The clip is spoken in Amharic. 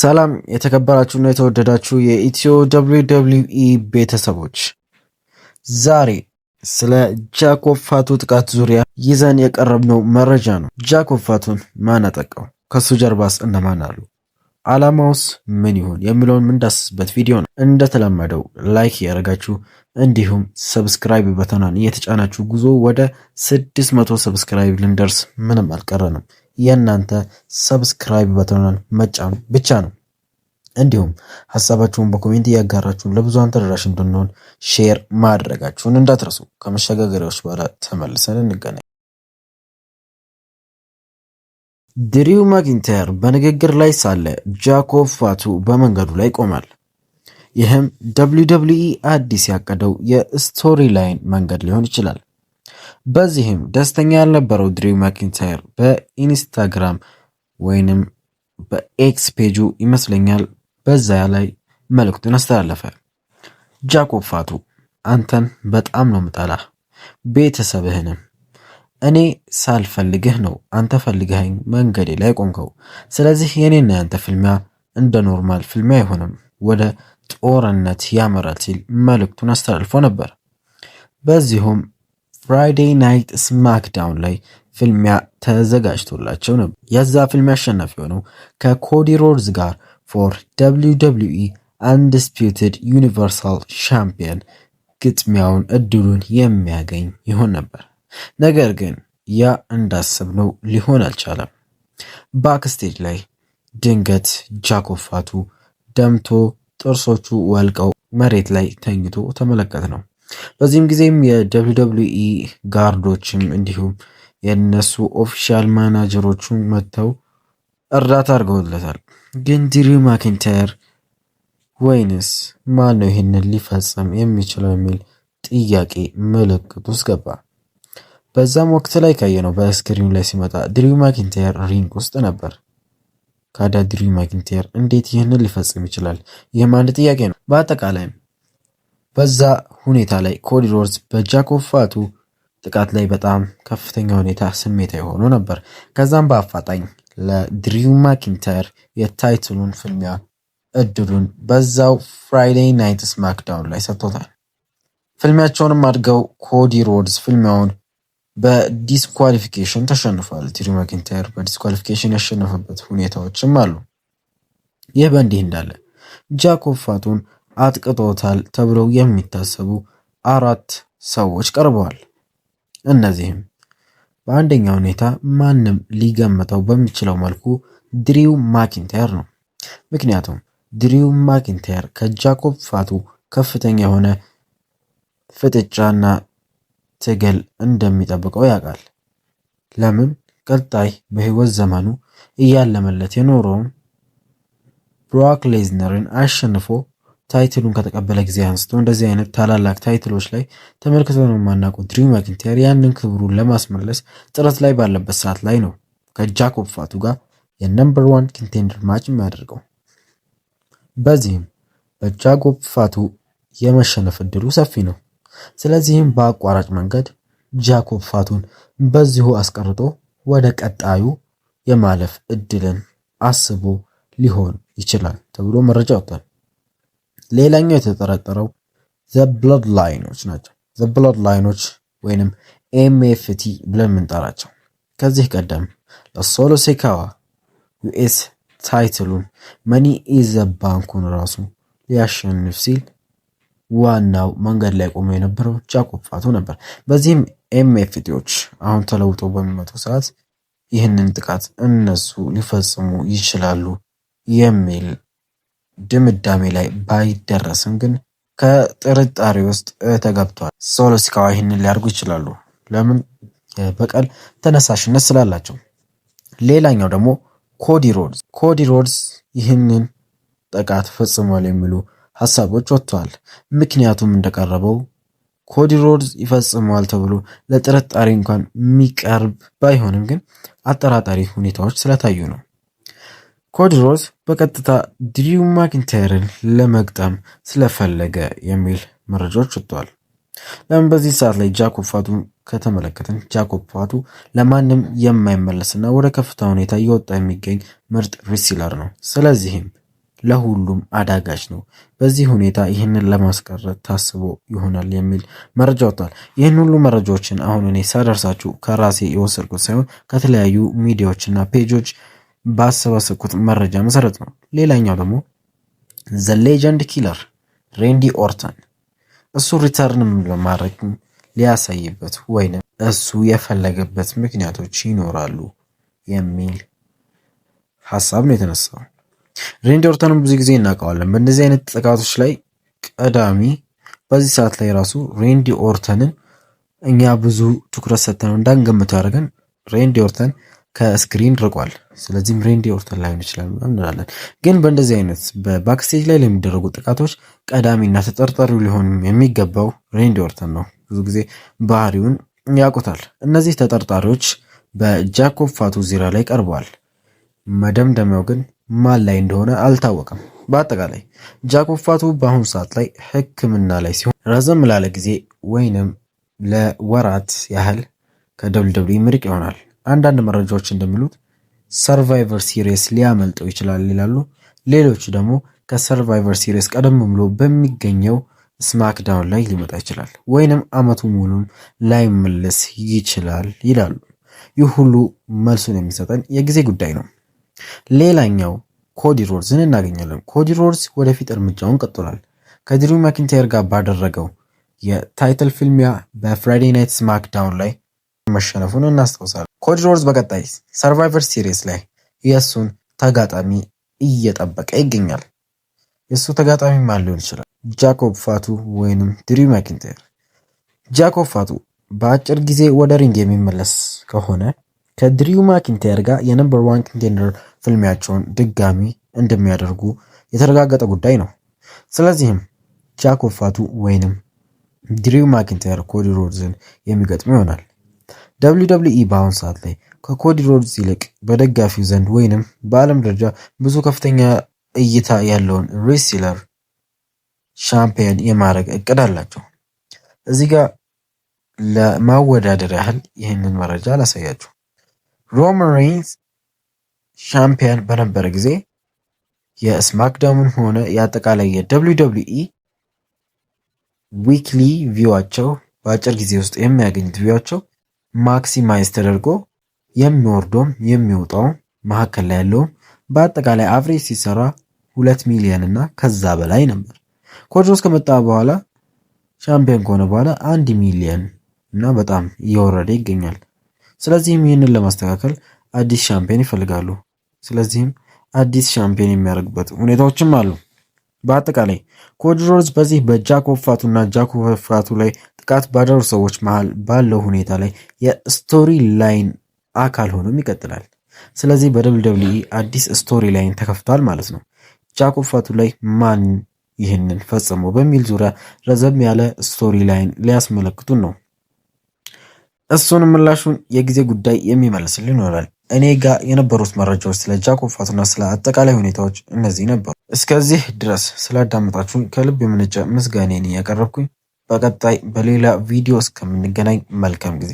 ሰላም የተከበራችሁና የተወደዳችሁ የኢትዮ ደብልዩ ደብሊው ኢ ቤተሰቦች፣ ዛሬ ስለ ጃኮብ ፋቱ ጥቃት ዙሪያ ይዘን የቀረብነው መረጃ ነው። ጃኮብ ፋቱን ማን አጠቃው? ከሱ ጀርባስ እነማን አሉ? አላማውስ ምን ይሆን የሚለውን የምንዳስስበት ቪዲዮ ነው። እንደተለመደው ላይክ ያደረጋችሁ እንዲሁም ሰብስክራይብ በተናን እየተጫናችሁ ጉዞ ወደ 600 ሰብስክራይብ ልንደርስ ምንም አልቀረንም። የእናንተ ሰብስክራይብ በተኑን መጫን ብቻ ነው። እንዲሁም ሀሳባችሁን በኮሜንት እያጋራችሁን ለብዙሃን ተደራሽ እንድንሆን ሼር ማድረጋችሁን እንዳትረሱ። ከመሸጋገሪያዎች በኋላ ተመልሰን እንገናኝ። ድሪው ማኪንታየር በንግግር ላይ ሳለ ጃኮብ ፋቱ በመንገዱ ላይ ቆማል። ይህም ደብሊው ደብሊው ኢ አዲስ ያቀደው የስቶሪ ላይን መንገድ ሊሆን ይችላል። በዚህም ደስተኛ ያልነበረው ድሪው ማኪንታየር በኢንስታግራም ወይንም በኤክስ ፔጁ ይመስለኛል በዛ ላይ መልእክቱን አስተላለፈ። ጃኮብ ፋቱ አንተን በጣም ነው ምጠላህ፣ ቤተሰብህንም እኔ ሳልፈልግህ ነው አንተ ፈልገኸኝ መንገዴ ላይ ቆምከው። ስለዚህ የኔና ያንተ ፍልሚያ እንደ ኖርማል ፍልሚያ አይሆንም፣ ወደ ጦርነት ያመራል ሲል መልእክቱን አስተላልፎ ነበር። በዚሁም ፍራይዴይ ናይት ስማክዳውን ላይ ፍልሚያ ተዘጋጅቶላቸው ነበር። የዛ ፍልሚያ አሸናፊ የሆነው ከኮዲ ሮድስ ጋር ፎር ደብሊው ደብሊው ኢ አንዲስፒዩትድ ዩኒቨርሳል ሻምፒየን ግጥሚያውን እድሉን የሚያገኝ ይሆን ነበር። ነገር ግን ያ እንዳሰብነው ሊሆን አልቻለም። ባክስቴጅ ላይ ድንገት ጃኮፋቱ ደምቶ ጥርሶቹ ወልቀው መሬት ላይ ተኝቶ ተመለከት ነው። በዚህም ጊዜም የደብሊው ደብሊው ኢ ጋርዶችም እንዲሁም የእነሱ ኦፊሻል ማናጀሮቹ መጥተው እርዳታ አድርገውለታል። ግን ድሪው ማኪንታየር ወይንስ ማን ነው ይህንን ሊፈጸም የሚችለው የሚል ጥያቄ ምልክት ውስጥ ገባ። በዛም ወቅት ላይ ካየነው በስክሪኑ ላይ ሲመጣ ድሪው ማኪንታየር ሪንግ ውስጥ ነበር። ካዳ ድሪው ማኪንታየር እንዴት ይህንን ሊፈጽም ይችላል? ይህም አንድ ጥያቄ ነው። በአጠቃላይም በዛ ሁኔታ ላይ ኮዲ ሮድስ በጃኮብ ፋቱ ጥቃት ላይ በጣም ከፍተኛ ሁኔታ ስሜት የሆኑ ነበር። ከዛም በአፋጣኝ ለድሪው ማኪንታየር የታይትሉን ፍልሚያ እድሉን በዛው ፍራይዴይ ናይት ስማክዳውን ላይ ሰጥቶታል። ፍልሚያቸውንም አድገው ኮዲ ሮድስ ፍልሚያውን በዲስኳሊፊኬሽን ተሸንፏል። ድሪው ማኪንታየር በዲስኳሊፊኬሽን ያሸነፈበት ሁኔታዎችም አሉ። ይህ በእንዲህ እንዳለ ጃኮብ ፋቱን አጥቅጦታል ተብለው የሚታሰቡ አራት ሰዎች ቀርበዋል። እነዚህም በአንደኛ ሁኔታ ማንም ሊገምተው በሚችለው መልኩ ድሪው ማኪንታየር ነው። ምክንያቱም ድሪው ማኪንታየር ከጃኮብ ፋቱ ከፍተኛ የሆነ ፍጥጫና ትግል እንደሚጠብቀው ያውቃል። ለምን ቀጣይ በህይወት ዘመኑ እያለመለት የኖረውን ብሮክ ሌዝነርን አሸንፎ ታይትሉን ከተቀበለ ጊዜ አንስቶ እንደዚህ አይነት ታላላቅ ታይትሎች ላይ ነው የማናውቀው ድሪው ማኪንታየር ያንን ክብሩን ለማስመለስ ጥረት ላይ ባለበት ሰዓት ላይ ነው ከጃኮብ ፋቱ ጋር የነምበር ዋን ኪንቴንደር ማች የሚያደርገው። በዚህም በጃኮብ ፋቱ የመሸነፍ እድሉ ሰፊ ነው። ስለዚህም በአቋራጭ መንገድ ጃኮብ ፋቱን በዚሁ አስቀርጦ ወደ ቀጣዩ የማለፍ እድልን አስቦ ሊሆን ይችላል ተብሎ መረጃ ወጥቷል። ሌላኛው የተጠረጠረው ዘ ብሎድ ላይኖች ናቸው። ዘ ብሎድ ላይኖች ወይንም ኤምኤፍቲ ብለን የምንጠራቸው ከዚህ ቀደም ለሶሎ ሴካዋ ዩኤስ ታይትሉን መኒ ኢዘ ባንኩን ራሱ ሊያሸንፍ ሲል ዋናው መንገድ ላይ ቆሞ የነበረው ጃኮብ ፋቶ ነበር። በዚህም ኤምኤፍቲዎች አሁን ተለውጦ በሚመጡ ሰዓት ይህንን ጥቃት እነሱ ሊፈጽሙ ይችላሉ የሚል ድምዳሜ ላይ ባይደረስም ግን ከጥርጣሬ ውስጥ ተገብቷል። ሰዎች ይህንን ሊያደርጉ ይችላሉ። ለምን? በቀል ተነሳሽነት ስላላቸው። ሌላኛው ደግሞ ኮዲ ሮድስ ኮዲ ሮድስ ይህንን ጥቃት ፈጽሟል የሚሉ ሀሳቦች ወጥተዋል። ምክንያቱም እንደቀረበው ኮዲ ሮድስ ይፈጽመዋል ተብሎ ለጥርጣሬ እንኳን የሚቀርብ ባይሆንም ግን አጠራጣሪ ሁኔታዎች ስለታዩ ነው። ሮዝ በቀጥታ ድሪው ማኪንታይርን ለመግጠም ስለፈለገ የሚል መረጃዎች ወጥተዋል። ለምን በዚህ ሰዓት ላይ ጃኮብ ፋቱ ከተመለከትን ጃኮብ ፋቱ ለማንም የማይመለስና ወደ ከፍታ ሁኔታ እየወጣ የሚገኝ ምርጥ ሪሲለር ነው። ስለዚህም ለሁሉም አዳጋች ነው። በዚህ ሁኔታ ይህንን ለማስቀረት ታስቦ ይሆናል የሚል መረጃ ወጥቷል። ይህን ሁሉ መረጃዎችን አሁን እኔ ሳደርሳችሁ ከራሴ የወሰድኩት ሳይሆን ከተለያዩ ሚዲያዎችና ፔጆች ባሰባሰብኩት መረጃ መሰረት ነው። ሌላኛው ደግሞ ዘ ሌጀንድ ኪለር ሬንዲ ኦርተን እሱ ሪተርን ለማድረግ ሊያሳይበት ወይንም እሱ የፈለገበት ምክንያቶች ይኖራሉ የሚል ሀሳብ ነው የተነሳው። ሬንዲ ኦርተንም ብዙ ጊዜ እናውቀዋለን በእነዚህ አይነት ጥቃቶች ላይ ቀዳሚ። በዚህ ሰዓት ላይ ራሱ ሬንዲ ኦርተንን እኛ ብዙ ትኩረት ሰጥተነው እንዳንገምተው ያደርገን ሬንዲ ኦርተን ከስክሪን ርቋል። ስለዚህም ሬንዲ ኦርተን ላይሆን ይችላል እንላለን። ግን በእንደዚህ አይነት በባክስቴጅ ላይ ለሚደረጉ ጥቃቶች ቀዳሚና ተጠርጣሪው ሊሆን የሚገባው ሬንዲ ኦርተን ነው። ብዙ ጊዜ ባህሪውን ያውቁታል። እነዚህ ተጠርጣሪዎች በጃኮብ ፋቱ ዚራ ላይ ቀርበዋል። መደምደሚያው ግን ማን ላይ እንደሆነ አልታወቀም። በአጠቃላይ ጃኮብ ፋቱ በአሁኑ ሰዓት ላይ ሕክምና ላይ ሲሆን ረዘም ላለ ጊዜ ወይንም ለወራት ያህል ከደብልደብሊ ምርቅ ይሆናል። አንዳንድ መረጃዎች እንደሚሉት ሰርቫይቨር ሲሪስ ሊያመልጠው ይችላል ይላሉ። ሌሎች ደግሞ ከሰርቫይቨር ሲሪስ ቀደም ብሎ በሚገኘው ስማክዳውን ላይ ሊመጣ ይችላል ወይንም አመቱ ሙሉም ላይመለስ ይችላል ይላሉ። ይህ ሁሉ መልሱን የሚሰጠን የጊዜ ጉዳይ ነው። ሌላኛው ኮዲ ሮድስን እናገኛለን። ኮዲ ሮድስ ወደፊት እርምጃውን ቀጥሏል። ከድሪው ማኪንታየር ጋር ባደረገው የታይትል ፊልሚያ በፍራይዴ ናይት ስማክዳውን ላይ መሸነፉን እናስታውሳለን። ኮዲ ሮድስ በቀጣይ ሰርቫይቨር ሲሪስ ላይ የእሱን ተጋጣሚ እየጠበቀ ይገኛል። የእሱ ተጋጣሚ ማን ሊሆን ይችላል? ጃኮብ ፋቱ ወይንም ድሪ ማኪንቴር። ጃኮብ ፋቱ በአጭር ጊዜ ወደ ሪንግ የሚመለስ ከሆነ ከድሪው ማኪንቴር ጋር የነምበር ዋን ኮንቴንደር ፍልሚያቸውን ድጋሚ እንደሚያደርጉ የተረጋገጠ ጉዳይ ነው። ስለዚህም ጃኮብ ፋቱ ወይንም ድሪው ማኪንቴር ኮዲ ሮድዝን የሚገጥም ይሆናል። ደብሊው ደብሊው ኢ በአሁኑ ሰዓት ላይ ከኮዲ ሮድስ ይልቅ በደጋፊው ዘንድ ወይንም በዓለም ደረጃ ብዙ ከፍተኛ እይታ ያለውን ሬስለር ሻምፒዮን የማድረግ እቅድ አላቸው። እዚህ ጋር ለማወዳደር ያህል ይህንን መረጃ አላሳያችሁ። ሮማን ሬንስ ሻምፒዮን በነበረ ጊዜ የስማክዳውን ሆነ የአጠቃላይ የደብሊው ደብሊው ኢ ዊክሊ ቪዋቸው በአጭር ጊዜ ውስጥ የሚያገኙት ቪዋቸው ማክሲማይዝ ተደርጎ የሚወርደውም የሚወጣውም መካከል ላይ ያለውም በአጠቃላይ አቨሬጅ ሲሰራ ሁለት ሚሊዮን እና ከዛ በላይ ነበር። ኮድሮስ ከመጣ በኋላ ሻምፒዮን ከሆነ በኋላ አንድ ሚሊዮን እና በጣም እየወረደ ይገኛል። ስለዚህም ይህንን ለማስተካከል አዲስ ሻምፒዮን ይፈልጋሉ። ስለዚህም አዲስ ሻምፒዮን የሚያደርግበት ሁኔታዎችም አሉ። በአጠቃላይ ኮድሮዝ በዚህ በጃኮብ እና ጃኮብ ፋቱ ላይ ጥቃት ባደሩ ሰዎች መሃል ባለው ሁኔታ ላይ የስቶሪ ላይን አካል ሆኖም ይቀጥላል። ስለዚህ በደብልደብልኢ አዲስ ስቶሪ ላይን ተከፍቷል ማለት ነው። ጃኮብ ፋቱ ላይ ማን ይህንን ፈጽሞ በሚል ዙሪያ ረዘም ያለ ስቶሪ ላይን ሊያስመለክቱን ነው። እሱን ምላሹን የጊዜ ጉዳይ የሚመለስልን ይሆናል። እኔ ጋር የነበሩት መረጃዎች ስለ ጃኮብ ፋቱና ስለ አጠቃላይ ሁኔታዎች እነዚህ ነበሩ። እስከዚህ ድረስ ስላዳመጣችሁን ከልብ የመነጨ ምስጋኔን ያቀረብኩኝ፣ በቀጣይ በሌላ ቪዲዮ እስከምንገናኝ መልካም ጊዜ